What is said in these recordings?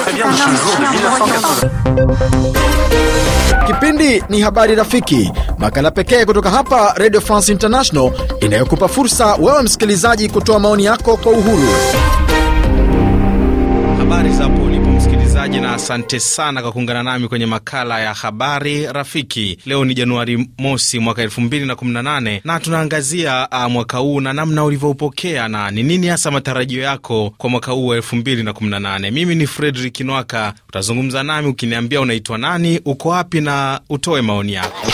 Très bien, Kipindi ni Habari Rafiki, makala pekee kutoka hapa Radio France International inayokupa fursa wewe msikilizaji kutoa maoni yako kwa uhuru. Habari za msikilizaji, na asante sana kwa kuungana nami kwenye makala ya habari rafiki. Leo ni Januari mosi mwaka elfu mbili na kumi na nane na tunaangazia mwaka huu na namna ulivyoupokea na ni nini hasa matarajio yako kwa mwaka huu wa elfu mbili na kumi na nane. Mimi ni Fredrik Nwaka, utazungumza nami ukiniambia unaitwa nani, uko wapi na utoe maoni yako.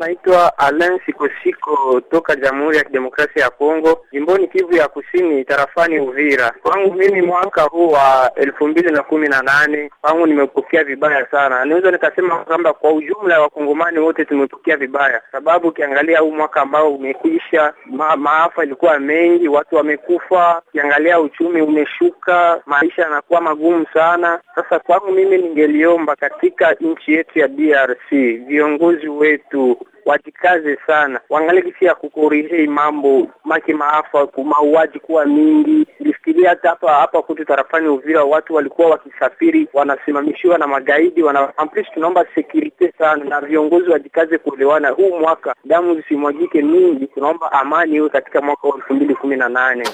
Naitwa Alan Sikosiko toka Jamhuri ya Kidemokrasia ya Kongo, jimboni Kivu ya Kusini, tarafani Uvira. Kwangu mimi mwaka huu wa elfu elfu mbili na kumi na nane kwangu nimepokea vibaya sana. Naweza nikasema kwamba kwa ujumla wakongomani wote tumepokea vibaya, sababu ukiangalia huu mwaka ambao umekwisha, ma maafa ilikuwa mengi, watu wamekufa, ukiangalia uchumi umeshuka, maisha yanakuwa magumu sana. Sasa kwangu mimi ningeliomba katika nchi yetu ya DRC viongozi wetu wajikaze sana, waangalie kisi ya kukorihei mambo make maafa, mauaji kuwa mingi tulifuatilia hata hapa hapa kwetu tarafani Uvira, watu walikuwa wakisafiri wanasimamishiwa na magaidi wana amplis. Tunaomba security sana na viongozi wajikaze kuelewana, huu mwaka damu zisimwagike mingi. Tunaomba amani iwe katika mwaka wa elfu mbili kumi na nane.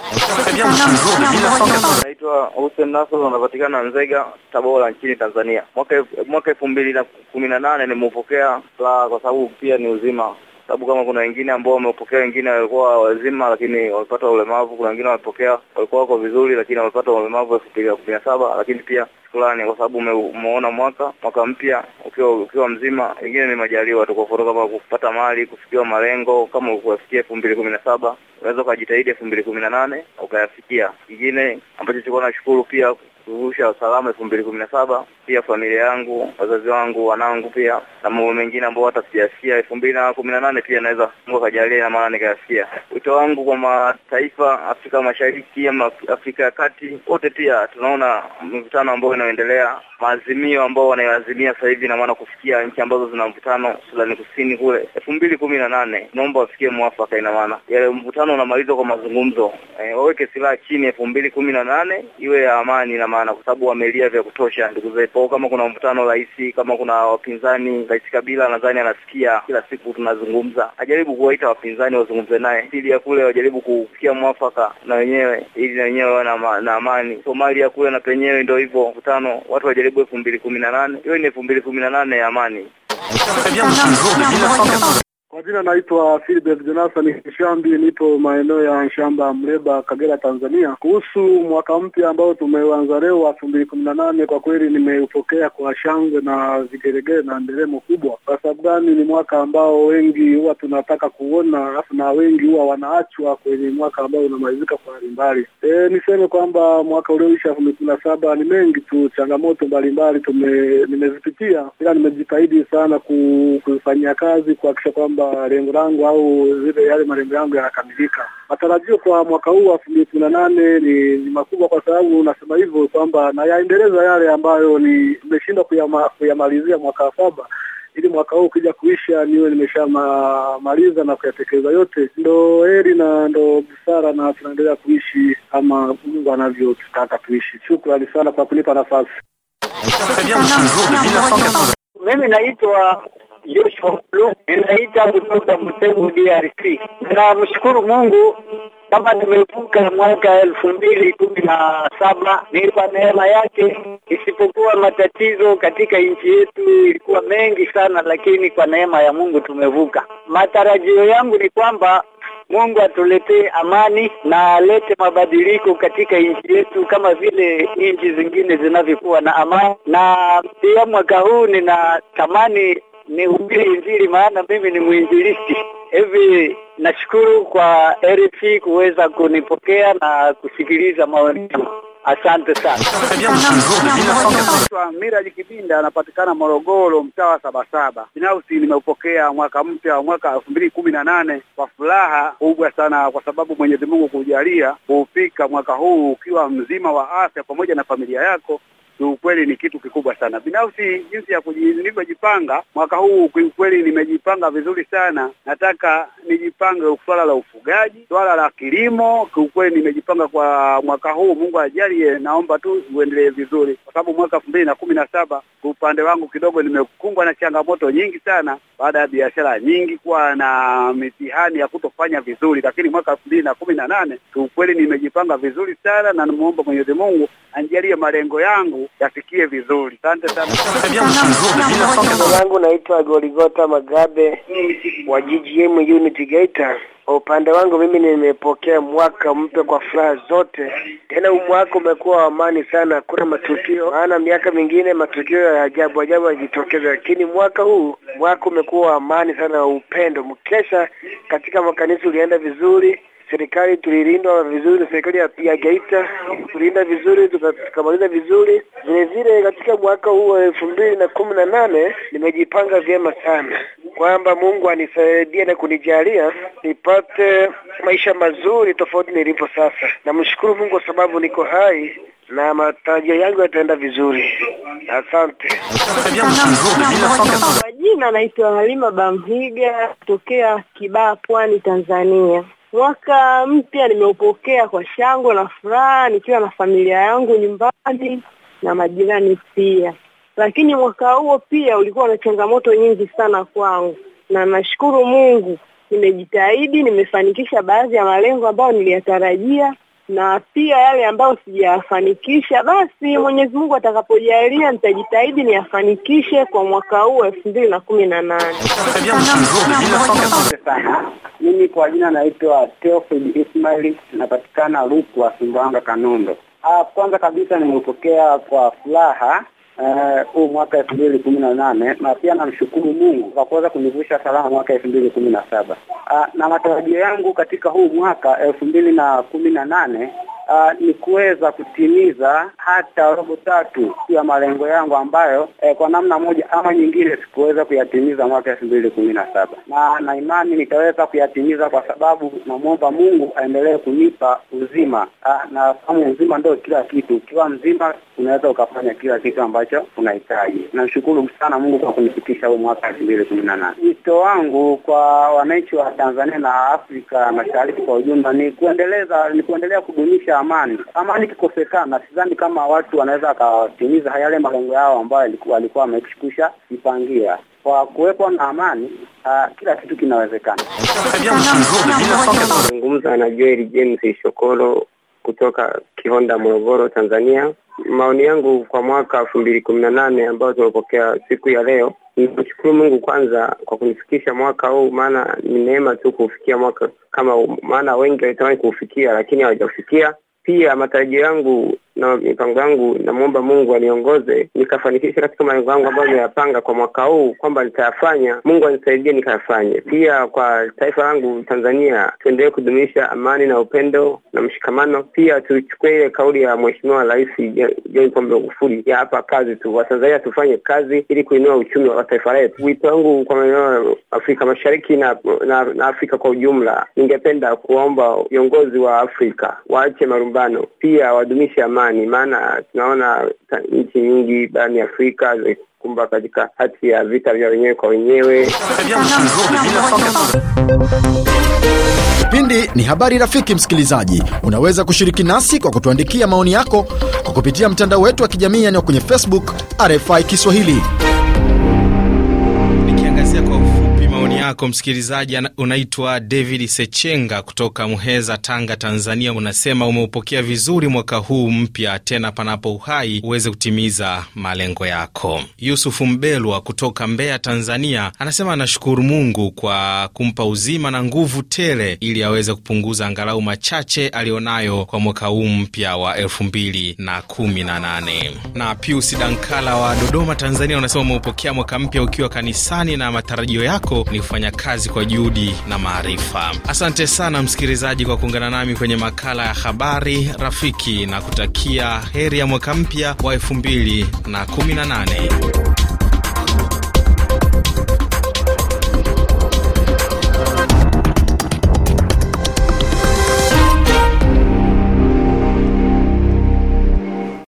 Naitwa Hussein Nasoro, anapatikana Nzega, Tabora, nchini Tanzania. Mwaka elfu mbili na kumi na nane nimepokea la kwa sababu pia ni uzima sababu kama kuna wengine ambao wamepokea, wengine walikuwa wazima lakini wamepata ulemavu, kuna wengine wamepokea walikuwa wako vizuri lakini wamepata ulemavu elfu mbili na kumi na saba lakini pia shukrani kwa sababu umeona mwaka mwaka mpya ukiwa ukiwa mzima. Wengine ni majaliwa tu, kama kupata mali, kufikiwa malengo, kama ukuyafikia elfu mbili kumi na saba unaweza ukajitahidi elfu mbili kumi na nane ukayafikia. Kingine ambacho tulikuwa nashukuru pia kurusha salama elfu mbili kumi na saba pia familia yangu, wazazi wangu, wanangu pia na mambo mengine ambao hata sijasikia elfu mbili na kumi na nane pia naweza Mungu maana nikayasikia. Wito wangu kwa mataifa Afrika Mashariki ama Afrika ya Kati, wote pia tunaona mivutano ambayo inaoendelea maazimio ambao wanayoazimia sasa hivi, na maana kufikia nchi ambazo zina mvutano, Sudani Kusini kule elfu mbili kumi na nane naomba wafikie mwafaka, ina maana yale mvutano unamalizwa kwa mazungumzo e, waweke silaha chini elfu mbili kumi na nane iwe ya amani, ina maana kwa sababu wamelia vya kutosha ndugu zetu kwao kama kuna mvutano, rais kama kuna wapinzani, rais Kabila nadhani anasikia kila siku tunazungumza, ajaribu kuwaita wapinzani wazungumze naye, ili ya kule wajaribu kufikia mwafaka na wenyewe, ili na wenyewe wawe na amani. Somalia kule na penyewe ndo hivyo mvutano, watu wajaribu elfu mbili kumi na nane hiyo ni elfu mbili kumi na nane ya amani kwa jina naitwa Philbert Jonathan Kishambi, nipo maeneo ya Nshamba, Mleba, Kagera, Tanzania. Kuhusu mwaka mpya ambao tumeuanza leo elfu mbili kumi na nane, kwa kweli nimeupokea kwa shangwe na vigeregere na nderemo kubwa. Kwa sababu gani? Ni mwaka ambao wengi huwa tunataka kuona, alafu na wengi huwa wanaachwa kwenye mwaka ambao unamalizika kwa hali mbali. E, niseme kwamba mwaka ulioisha elfu mbili kumi na saba ni mengi tu, changamoto mbalimbali tume nimezipitia, ila nimejitahidi sana kuzifanyia kazi kuhakikisha kwamba kwamba lengo langu au zile yale malengo yangu yanakamilika. Matarajio kwa mwaka huu elfu mbili kumi na nane ni, ni makubwa, kwa sababu nasema hivyo kwamba nayaendeleza yale ambayo ni nimeshindwa kuyama, kuyamalizia mwaka wa saba ili mwaka huu ukija kuisha niwe nimeshamaliza na kuyatekeleza yote. Ndo heri na ndo busara, na tunaendelea kuishi kama Mungu anavyotutaka tuishi. Shukrani sana kwa kunipa nafasi. Mimi naitwa Joshua Mulu, inaita kutoka Mtegu DRC. Namshukuru Mungu kama tumevuka mwaka elfu mbili kumi na saba ni kwa neema yake, isipokuwa matatizo katika nchi yetu ilikuwa mengi sana, lakini kwa neema ya Mungu tumevuka. Matarajio yangu ni kwamba Mungu atuletee amani na alete mabadiliko katika nchi yetu kama vile nchi zingine zinavyokuwa na amani. Na pia mwaka huu ninatamani ni Injili, maana mimi ni mwinjilisti. Hivi nashukuru kwa rf kuweza kunipokea na kusikiliza maoni yangu. Asante sana. Miraji Kibinda anapatikana Morogoro, mtaa wa Sabasaba. Binafsi nimeupokea mwaka mpya wa mwaka elfu mbili kumi na nane kwa furaha kubwa sana, kwa sababu Mwenyezi Mungu kujalia kuufika mwaka huu ukiwa mzima wa afya pamoja na familia yako kiukweli ni kitu kikubwa sana. Binafsi jinsi ya nilivyojipanga mwaka huu, kiukweli nimejipanga vizuri sana. Nataka nijipange swala la ufugaji, swala la kilimo. Kiukweli nimejipanga kwa mwaka huu, Mungu ajalie, naomba tu uendelee vizuri, kwa sababu mwaka elfu mbili na kumi na saba kwa upande wangu kidogo nimekumbwa na changamoto nyingi sana, baada ya biashara nyingi kuwa na mitihani ya kutofanya vizuri, lakini mwaka elfu mbili na kumi na nane kiukweli nimejipanga vizuri sana, na namuomba Mwenyezi Mungu anjalie malengo yangu yafikie vizuri. Asante sana. naitwa Goligota Magabe wa GGM Unity Geita. Kwa upande wangu mimi nimepokea mwaka mpya kwa furaha zote. Tena huu mwaka umekuwa wa amani sana, hakuna matukio, maana miaka mingine matukio ya ajabu ajabu yajitokeza, lakini mwaka huu, mwaka umekuwa wa amani sana, wa upendo. Mkesha katika makanisa ulienda vizuri, serikali tulilindwa vizuri, serikali ya, ya Geita tulilinda vizuri tukamaliza vizuri. Vilevile katika mwaka huu wa elfu mbili na kumi na nane nimejipanga vyema sana kwamba Mungu anisaidie na kunijalia nipate maisha mazuri tofauti nilipo sasa. Namshukuru Mungu kwa sababu niko hai na matarajio yangu yataenda vizuri. Asante. Kwa jina naitwa Halima Bamhiga kutokea kibaa Pwani, Tanzania. Mwaka mpya nimeupokea kwa shangwe na furaha nikiwa na familia yangu nyumbani na majirani pia, lakini mwaka huo pia ulikuwa na changamoto nyingi sana kwangu, na nashukuru Mungu nimejitahidi, nimefanikisha baadhi ya malengo ambayo niliyatarajia na pia yale ambayo sijayafanikisha, basi Mwenyezi Mungu atakapojalia nitajitahidi niyafanikishe kwa mwaka huu elfu mbili na kumi na nane. Mimi kwa jina naitwa Theophil Ismail, napatikana Rukwa, Sumbawanga, Kanundo. Ah, kwanza kabisa nimepokea kwa furaha Eh, huu uh, mwaka elfu mbili kumi na nane na pia namshukuru Mungu kwa kuweza kunivusha salama mwaka elfu mbili kumi na saba uh, na matarajio yangu katika huu mwaka elfu mbili na kumi na nane uh, ni kuweza kutimiza hata robo tatu ya malengo yangu ambayo eh, kwa namna moja ama nyingine sikuweza kuyatimiza mwaka elfu mbili kumi na saba na na imani nitaweza kuyatimiza kwa sababu namwomba Mungu aendelee kunipa uzima uh, na fahamu uzima ndio kila kitu. Ukiwa mzima unaweza ukafanya kila kitu ambacho unahitaji. Namshukuru sana Mungu kwa kunifikisha huu mwaka elfu mbili kumi na nane. Wito wangu kwa wananchi wa Tanzania na Afrika Mashariki kwa ujumla ni kuendeleza ni kuendelea kudumisha amani. Amani ikikosekana, sidhani kama watu wanaweza wakatimiza yale malengo yao ambayo walikuwa wamekishikusha ipangia. Kwa kuwepo na amani, uh, kila kitu kinawezekana. Zungumza na Joel James Shokolo kutoka Kihonda, Morogoro, Tanzania. Maoni yangu kwa mwaka elfu mbili kumi na nane ambayo tumepokea siku ya leo, nimshukuru Mungu kwanza kwa kunifikisha mwaka huu, maana ni neema tu kufikia mwaka kama maana wengi walitamani kuufikia lakini hawajafikia pia matarajio yangu na mipango yangu, namwomba Mungu aniongoze nikafanikisha katika malengo yangu ambayo nimeyapanga kwa mwaka huu kwamba nitayafanya. Mungu anisaidie nikayafanye. Pia kwa taifa langu Tanzania, tuendelee kudumisha amani na upendo na mshikamano. Pia tuchukue ile kauli ya Mheshimiwa Rais John Pombe Magufuli ya hapa kazi tu. Watanzania tufanye kazi ili kuinua uchumi wa taifa letu. Wito wangu kwa maeneo Afrika Mashariki na, na, na Afrika kwa ujumla, ningependa kuwaomba viongozi wa Afrika waache marumbano, pia wadumishe amani amani, maana tunaona nchi nyingi barani Afrika zimekumbwa katika hati ya vita vya wenyewe kwa wenyewe. Kipindi ni habari rafiki. Msikilizaji, unaweza kushiriki nasi kwa kutuandikia maoni yako kwa kupitia mtandao wetu wa kijamii, yaani kwenye Facebook RFI Kiswahili. yako msikilizaji, unaitwa David Sechenga kutoka Muheza, Tanga, Tanzania. Unasema umeupokea vizuri mwaka huu mpya, tena panapo uhai uweze kutimiza malengo yako. Yusufu Mbelwa kutoka Mbeya, Tanzania, anasema anashukuru Mungu kwa kumpa uzima na nguvu tele ili aweze kupunguza angalau machache aliyonayo kwa mwaka huu mpya wa elfu mbili na kumi na nane. Na Pius Dankala wa Dodoma, Tanzania, unasema umeupokea mwaka mpya ukiwa kanisani na matarajio yako ni wanafanya kazi kwa juhudi na maarifa. Asante sana msikilizaji kwa kuungana nami kwenye makala ya habari rafiki, na kutakia heri ya mwaka mpya wa 218